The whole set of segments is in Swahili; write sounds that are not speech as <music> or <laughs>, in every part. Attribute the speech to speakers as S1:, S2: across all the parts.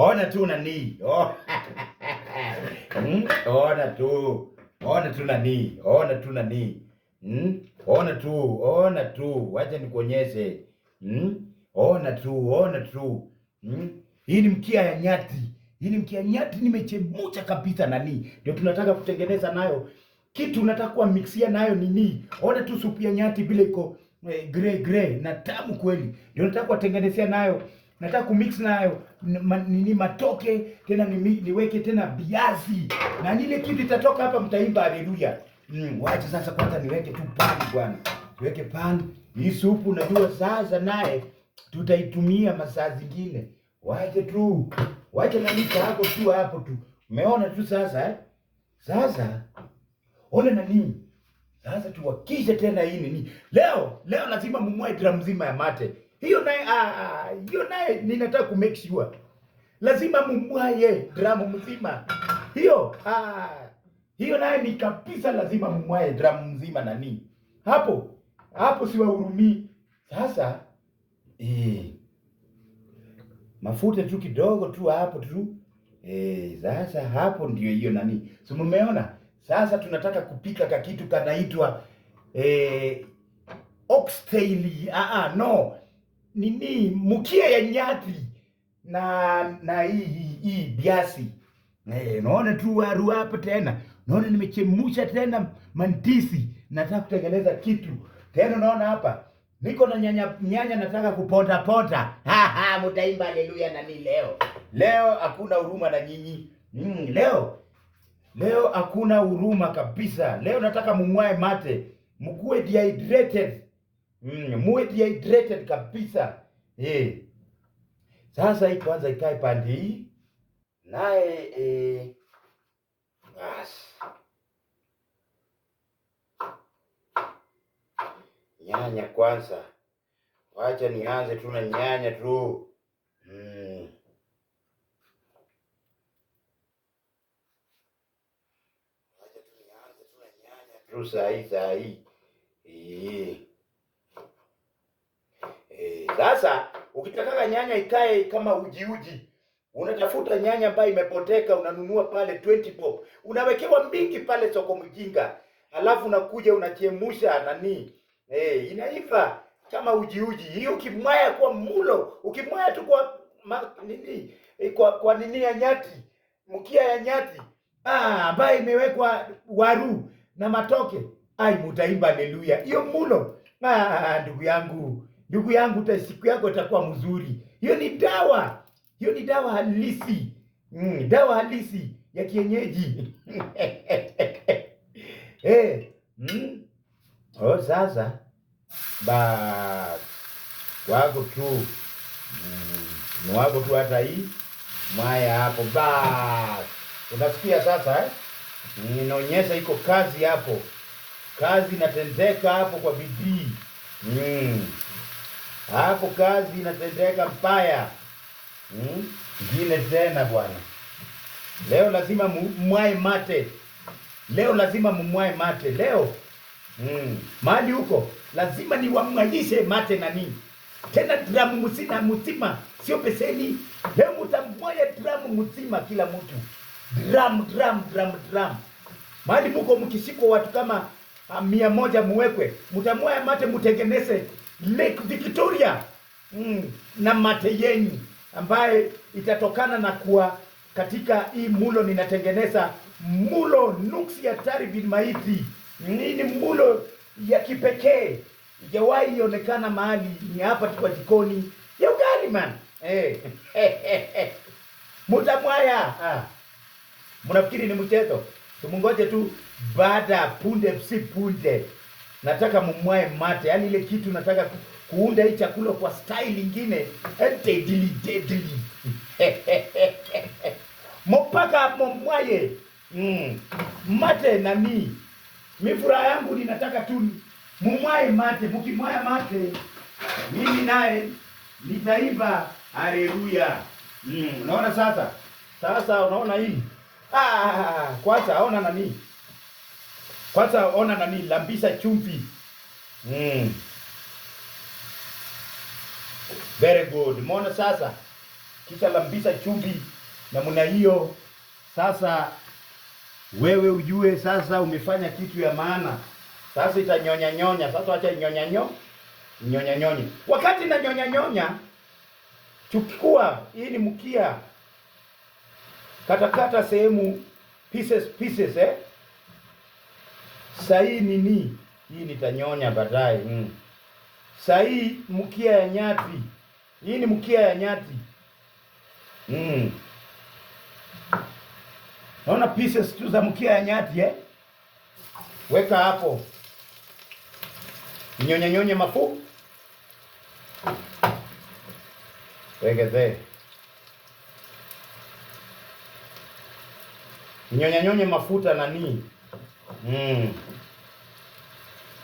S1: Ona tu nani, oh. hmm? ona tu, ona tu nani, ona tu nani, hmm? ona tu, ona tu, wacha nikuonyeshe, hmm? ona tu, ona tu. Hii ni mkia ya nyati, hii ni mkia nyati, nimechemucha kabisa. Nani ndio tunataka kutengeneza nayo kitu, nataka kuwa mixia nayo nini. Ona tu supu ya nyati bila iko gre eh, gre na tamu kweli, ndio nataka kuwatengenezea nayo nataka kumix nayo nini matoke tena niweke tena biazi na nile kitu itatoka hapa, mtaimba haleluya. Mm, wacha sasa kwanza niweke tu pan bwana, niweke pan hii supu. Najua sasa naye tutaitumia masaa zingine, wacha tu, wacha na hapo tu hapo tu, umeona tu sasa eh? Sasa ona na nini sasa, tuwakishe tena hii nini leo, leo lazima mumwae drum mzima ya mate hiyo naye ah, ah, hiyo naye ninataka ku make sure lazima mumwaye dramu mzima hiyo aa, ah, hiyo naye ni kabisa, lazima mumwaye dramu mzima nani hapo hapo, siwahurumii sasa. E, mafuta tu kidogo tu hapo tu e, sasa hapo ndio hiyo nani, si mumeona? Sasa tunataka kupika ka kitu kanaitwa e, oxtail. Ah, ah, no nini mukia ya nyati na na hii hii biasi eh, naona tu waru hapa tena, naona nimechemusha tena mantisi, nataka kutengeneza kitu tena. Naona hapa niko na nyanya nyanya, nataka kupota pota. <laughs> Ha, mtaimba haleluya nami leo. Leo hakuna huruma na nyinyi mm, leo leo hakuna huruma kabisa. Leo nataka mumwae mate, mkuwe dehydrated mm, dehydrated kabisa eh. Sasa hii kwanza ikae pande hii naye eh, nyanya kwanza, wacha nianze tu na nyanya tu mm. wacha tu nianze tu na nyanya tu saa hii saa hii eh. Sasa ukitaka nyanya ikae kama uji uji, unatafuta nyanya ambayo imepoteka, unanunua pale 20 pop, unawekewa mbingi pale soko mjinga, alafu unakuja unachemsha nani, eh, inaiva kama uji uji. Hiyo ukimwaya kwa mulo, ukimwaya tu kwa ma, nini eh, kwa, kwa nini ya nyati, mkia ya nyati ah, ambayo imewekwa waru na matoke, ai mutaimba haleluya, hiyo mulo. Ah, ndugu yangu ndugu yangu, siku yako itakuwa mzuri. Hiyo ni dawa, hiyo ni dawa halisi mm, dawa halisi ya kienyeji hey, <laughs> eh, mm. Oh, sasa ba wako tu mm, wako tu hata hii mwaya hapo bas, unasikia sasa eh? Inaonyesha iko kazi hapo, kazi inatendeka hapo kwa bidii mm hapo kazi inatendeka mbaya hmm? ngine hmm? Tena bwana, leo lazima mmwae mate, leo lazima mmwae mate leo hmm. Mahali huko lazima niwamwagishe mate na nini tena dramu msina mzima, sio peseni. Leo mtammoja dramu mzima, kila mtu dramu dramu dramu dramu. Mahali muko mkishikwa watu kama ah, mia moja muwekwe, mtamwaya mate, mtengeneze lake Victoria mm, na Mateyenyi ambaye itatokana na kuwa katika hii mulo ninatengeneza mulo nuksi ya taribin maiti. Hii mulo ya kipekee ijawahi ionekana mahali, ni hapa kwa jikoni ya ugali man hey. Eh, <laughs> mutamwaya ah. Mnafikiri ni mchezo? Tumungoje tu baada punde si punde nataka mumwae mate, yaani ile kitu nataka kuunda hii chakula kwa style ingine dili dili <laughs> mopaka mumwaye mm. mate nami mi furaha yangu ninataka tu mumwae mate, mukimwaya mate mimi naye nitaiva. Haleluya! mm. Unaona sasa, sasa unaona hii ah, kwanza aona nani kwanza ona nani, lambisa chumvi. Mm. Very good. Mona sasa, kisha lambisa chumvi namna hiyo. Sasa wewe ujue sasa umefanya kitu ya maana. Sasa itanyonya nyonya. Sasa acha nyonya nyo. Nyonya nyonya. Wakati na nyonya nyonya, chukua hii ni mkia. Katakata sehemu pieces pieces eh. Sahii nini hii nitanyonya baadaye mm. Sahii mkia ya nyati hii ni mkia ya nyati mm. Naona pieces tu za mkia ya nyati eh? Weka hapo nyonya nyonye mafu wegezee nyonya nyonye mafuta nanii mm.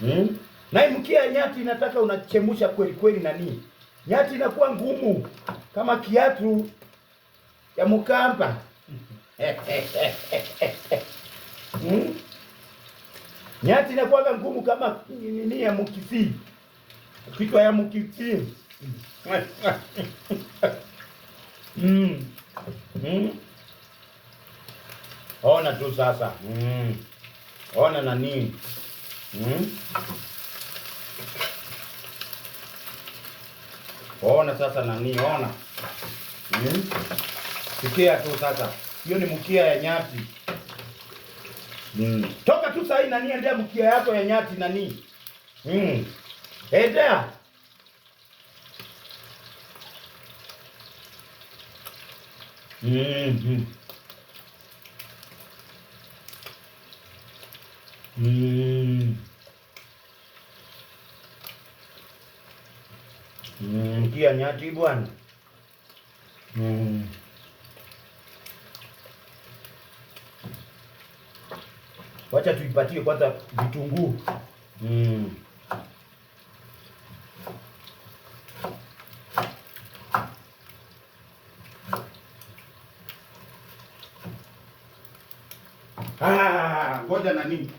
S1: Mm? Na mkia nyati inataka unachemusha kweli kweli, nani nyati inakuwa ngumu kama kiatu ya Mkamba <laughs> mm? Nyati inakuwa ngumu kama nini ya mkisi kichwa ya mkisi <laughs> mm. Mm. Ona tu sasa mm. Ona nani hmm? Ona sasa nani, ona hmm? Sikia tu sasa, hiyo ni mkia ya nyati hmm. Toka tu sahii nani, endea mkia yako ya nyati nani hmm. Endea mm -hmm. hmm. Mm. Mm, kia nyati bwana. Mm. Wacha tuipatie kwanza vitunguu. Mm. Ah, ngoja na nini?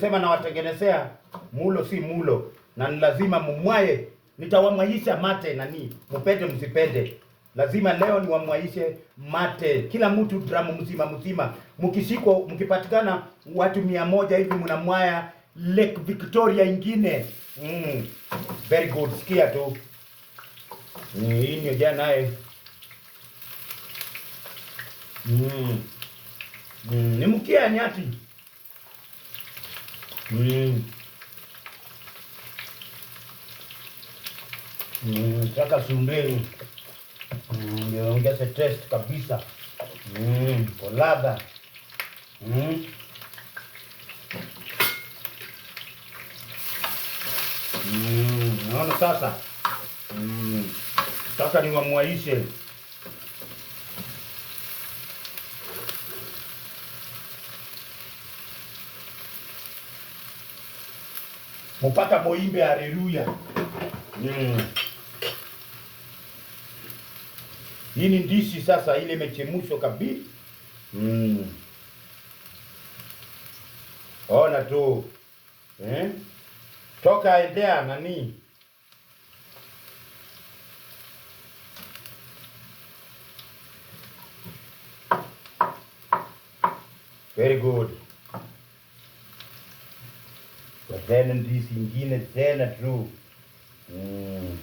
S1: nimesema nawatengenezea mulo, si mulo, na ni lazima mumwaye. Nitawamwaisha mate nani, mupende msipende, lazima leo niwamwaishe mate kila mtu, dramu mzima mzima. Mkishikwa, mkipatikana watu mia moja hivi, mnamwaya Lake Victoria ingine. Mm, very good. Sikia tu mm, hii ndio naye Mm. Mm. Ni mkia nyati taka sumbeni mm, ongeza test kabisa kwa mm, ladha mm. naona sasa, sasa niwamwaishe Mupata moimbe haleluya. Mm. Hii ni ndishi sasa ile imechemshwa kabisa. Mm. Ona tu. Eh? Toka endea nani? Very good then ndizi ingine tena tu mm.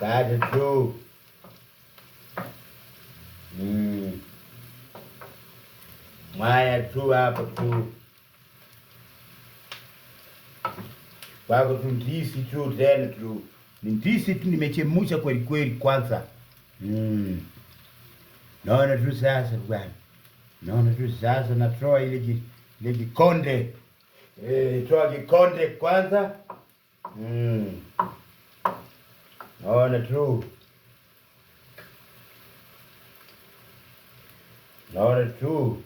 S1: kati tu Maya mm. tu hapa tu kwako tu ndizi tu tena tu ni ndizi tu nimechemusha kweli kweli kwanza mm. Naona tu sasa bwana, naona tu sasa natoa ile ile kikonde eh, toa kikonde kwanza. Mm. Naona tu naona tu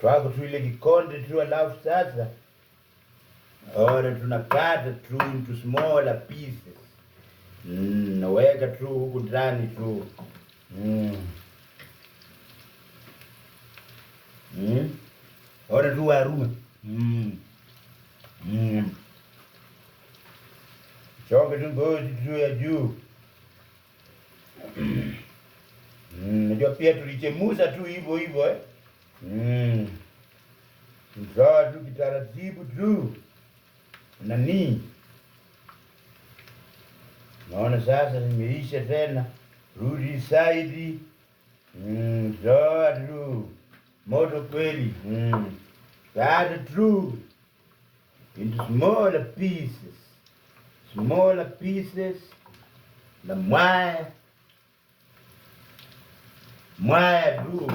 S1: twako tu ile kikonde tu, alafu sasa Ona, tunakata tu into smaller pieces. Mm, naweka tu huku ndani tu. Mm. Mm. Ona tu waruma. Mm. Mm. Chonga tu ngozi tu ya juu. Mm, najua pia tulichemusa tu hivyo hivyo eh. Mm. Mzawa tu kitaratibu tu nanii, naona sasa nimeisha tena. Rudi saidi mm, tu moto kweli, cut mm. tu into smaller pieces, smaller pieces, na mwaya mwaya tu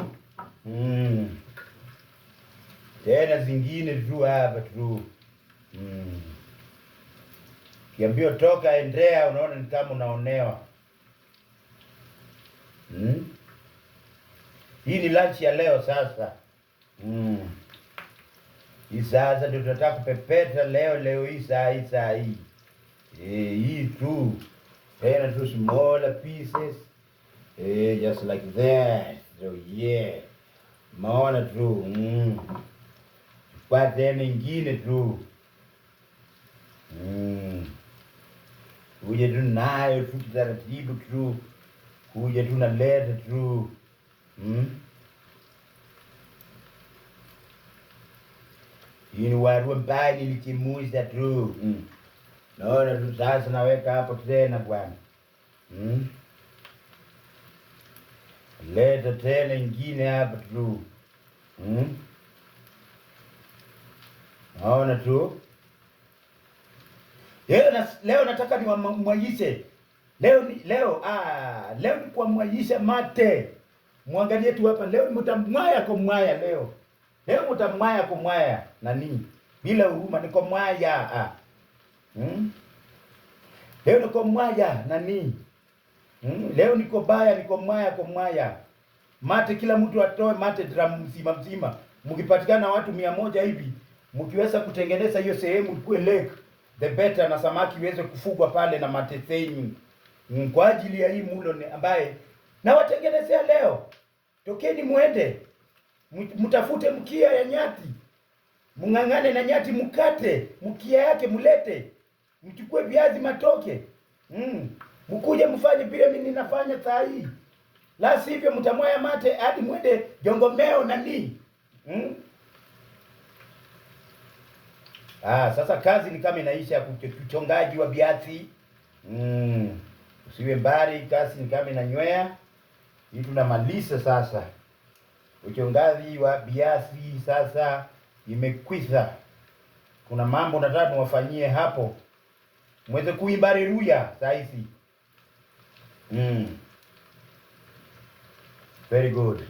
S1: mm. tena zingine tu hapa tu. Kiambio toka endea, unaona ni kama unaonewa. Hmm? Hii ni lunch ya leo sasa. Hmm. Hii sasa ndio tunataka kupepeta leo leo hii saa hii saa hii. Eh, hii tu. Tena tu smaller pieces. Eh, just like that. So yeah. Maona tu. Mm. Kwa tena nyingine tu. kuja tu nayo tu taratibu tu, kuja tu naleta tu hmm? Ini watu ambao nilikimuza tu hmm. Naona tu sasa naweka hapo tena bwana hmm? Leta tena ingine hapo tu hmm? Naona tu Leo, na, leo nataka niwamwagishe leo ni, leo ah, leo ni kuwamwagisha mate. Mwangalie tu hapa leo mtamwaya kwa mwaya leo. Leo mtamwaya kwa mwaya nani? Bila huruma ni kwa mwaya ah. Hmm? Leo ni kwa mwaya nani? Hmm? Leo niko baya ni kwa mwaya kwa mwaya. Mate kila mtu atoe mate dramu mzima mzima. Mkipatikana watu mia moja hivi, mkiweza kutengeneza hiyo sehemu ikuwe lake the better, na samaki iweze kufugwa pale na Matetheni kwa ajili ya hii mulo ambaye nawatengenezea leo. Tokeni mwende mtafute mkia ya nyati, mng'ang'ane na nyati, mkate mkia yake, mlete mchukue viazi matoke, mm, mkuje mfanye vile mimi ninafanya saa hii, la sivyo mtamwaya mate hadi mwende Jongomeo nanii, mm. Ah, sasa kazi ni kama inaisha ya kuchongaji wa biati. Mm. Usiwe mbali, kazi ni kama inanywea. Hii tunamaliza sasa. Uchongaji wa biati sasa imekwisha. Kuna mambo nataka niwafanyie hapo. Mweze kuimba haleluya saa hizi. Mm. Very good.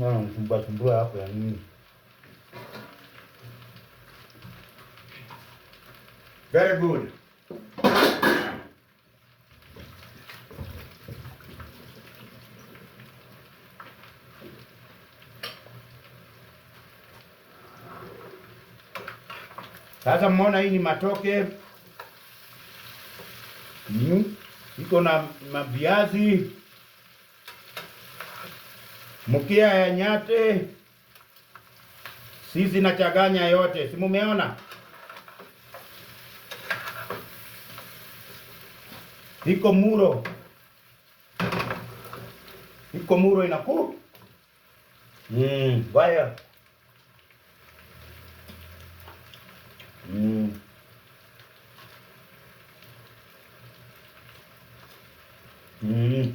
S1: Unanisumbua sumbua hapo ya nini? Very good. Sasa mmona hii ni matoke mm, iko na maviazi mkia ya nyate sisi na chaganya yote, si mumeona? Iko muro, iko muro inaku mm, mm. Mm.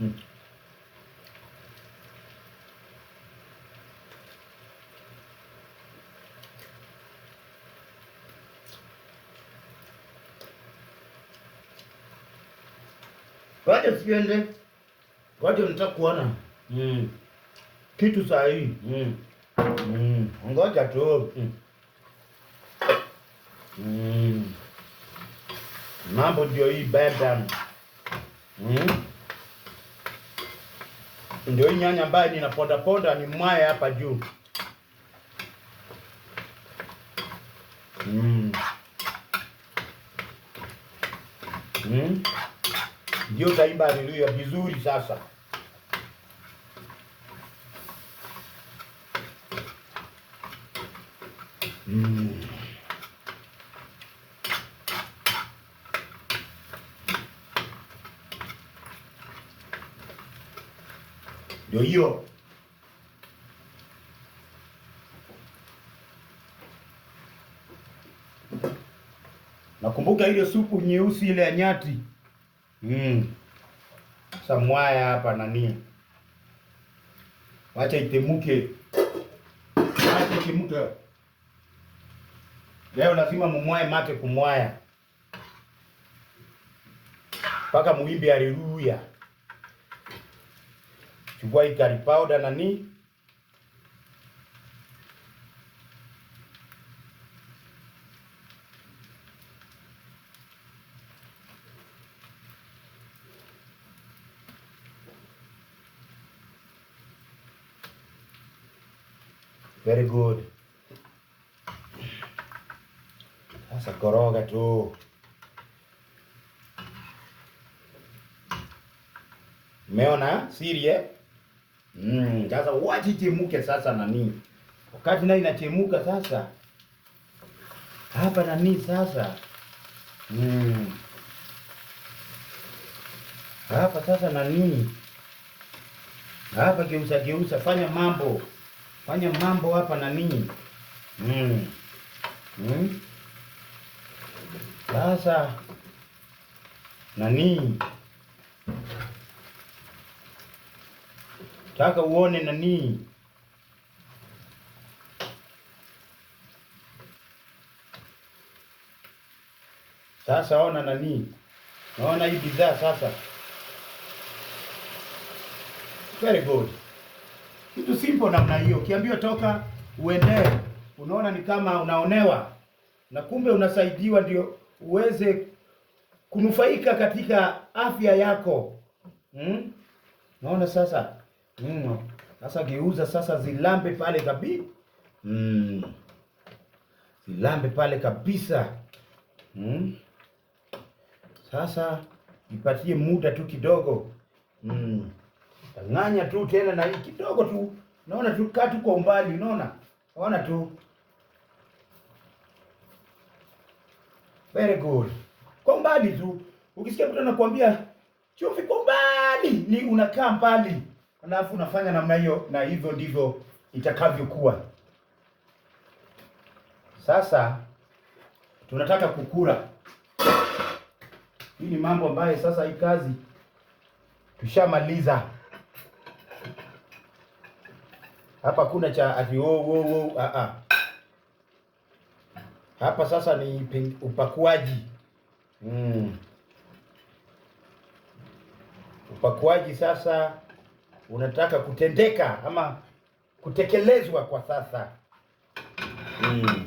S1: Mm. Wacha siende, wacha nataka kuona mm. kitu saa hii mm. mm. ngoja tu mm. mm. mambo ndio hii bada mm. Ndio hii nyanya ambayo ninapondaponda ni mwaya hapa juu mm. Mm. Ndio taimba haleluya vizuri sasa. Mm. ndio hiyo. Nakumbuka ile supu nyeusi ile ya nyati mm. Samwaya hapa nani, wacha itemuke, wacha itemuke. Leo lazima mumwae mate kumwaya mpaka muimbe haleluya. Chukua hii curry powder nani Very good. Sasa koroga tu. meona siri eh? Mm, sasa mm, wachichemuke sasa nani, wakati nayo inachemuka sasa hapa nani sasa mm, hapa sasa nani hapa geusa geusa fanya mambo fanya mambo hapa nani mm, mm, sasa nani taka uone nani sasa, ona nani, naona hii bidhaa sasa. Very good, kitu simple namna hiyo. Ukiambiwa toka uendee, unaona ni kama unaonewa, na kumbe unasaidiwa ndio uweze kunufaika katika afya yako hmm? Naona sasa Mm. Sasa geuza sasa zilambe pale kabisa. Mm. Zilambe pale kabisa. Mm. Sasa ipatie muda tu kidogo. Mm. Tanganya tu tena na hii kidogo tu. Naona tu kaa kwa umbali, unaona? Naona tu. Very good. Kwa umbali tu. Ukisikia mtu anakuambia chumvi kwa umbali, ni unakaa mbali. Alafu unafanya namna hiyo, na hivyo ndivyo itakavyokuwa. Sasa tunataka kukura. Hii ni mambo ambayo sasa hii kazi tushamaliza hapa, kuna cha ati wo oh, wo oh, wo oh, a ah, a ah. hapa sasa ni upakuaji mm. Upakuaji sasa unataka kutendeka ama kutekelezwa kwa sasa hmm.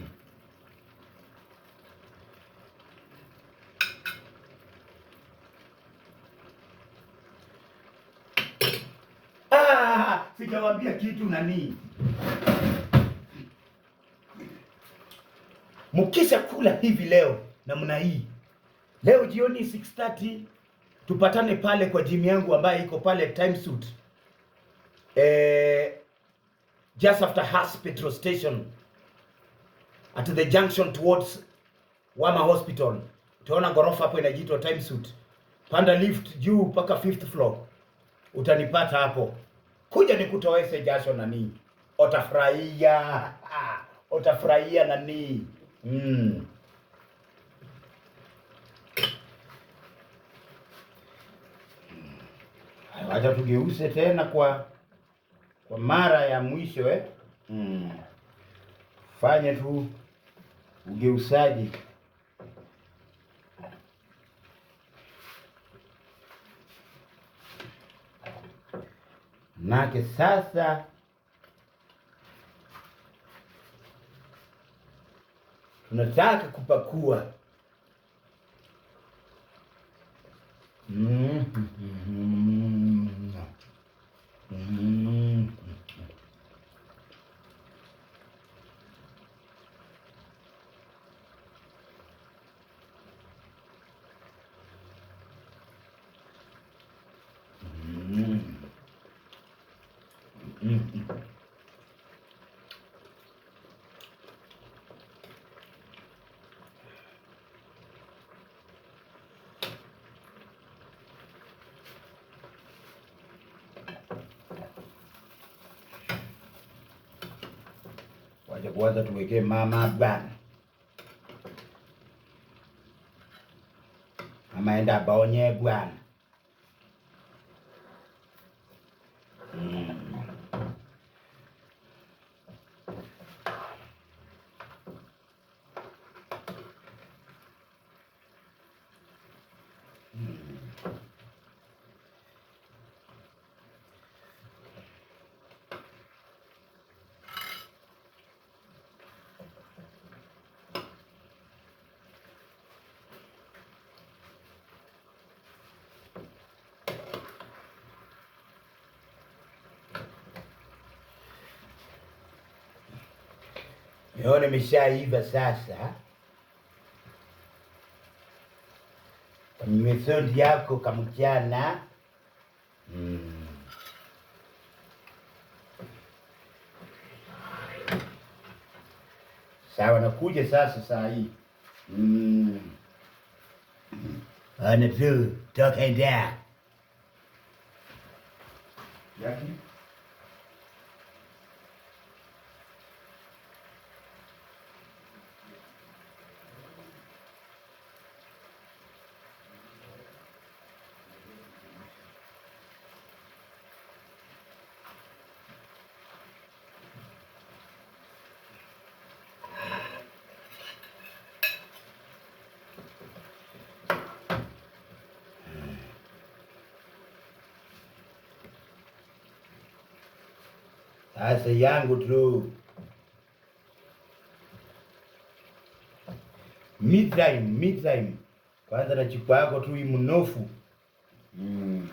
S1: Ah, sijawaambia kitu nani. Mkisha kula hivi leo namna hii, leo jioni 6:30 tupatane pale kwa jimu yangu ambayo iko pale Time Suit eh, just after Has petrol station at the junction towards Wama Hospital. Utaona ghorofa hapo inajitwa time suit. Panda lift juu mpaka fifth floor, utanipata hapo. Kuja nikutoweze jasho nani, utafurahia <laughs> utafurahia nani. Mm. Wacha tugeuse tena kwa kwa mara ya mwisho eh? Mm. Fanya tu ugeusaji nake sasa tunataka kupakua mm -hmm. cha kuwaza tuwekee mama bana, mama enda baonye bwana. Niona imeshaiva sasa, kamnywesodi yako kamchana. Mm. Sawa, nakuja sasa saa hii mm. Anatu tokenda Sasa yangu tu Mithraim, Mithraim kwanza, na yako tu imnofu mm.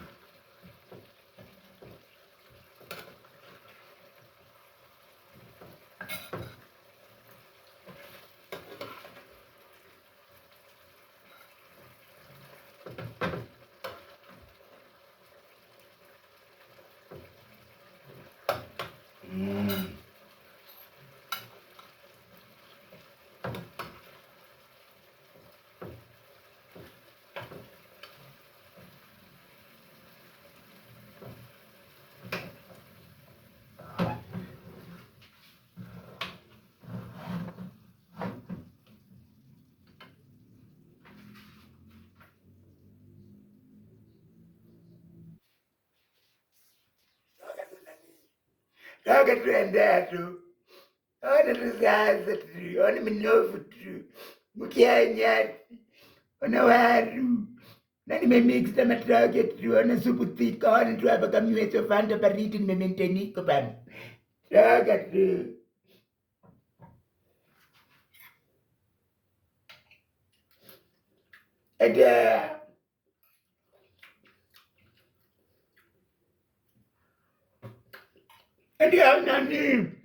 S1: kaka tuendea tu ona tuzaza tu ona minofu tu mkianyati ona waru na nimemix matoke tu ona supu thika ona tu hapa kamiwezo fanta baridi uh, nimementeniko bana toka tu Ada. And you have no name.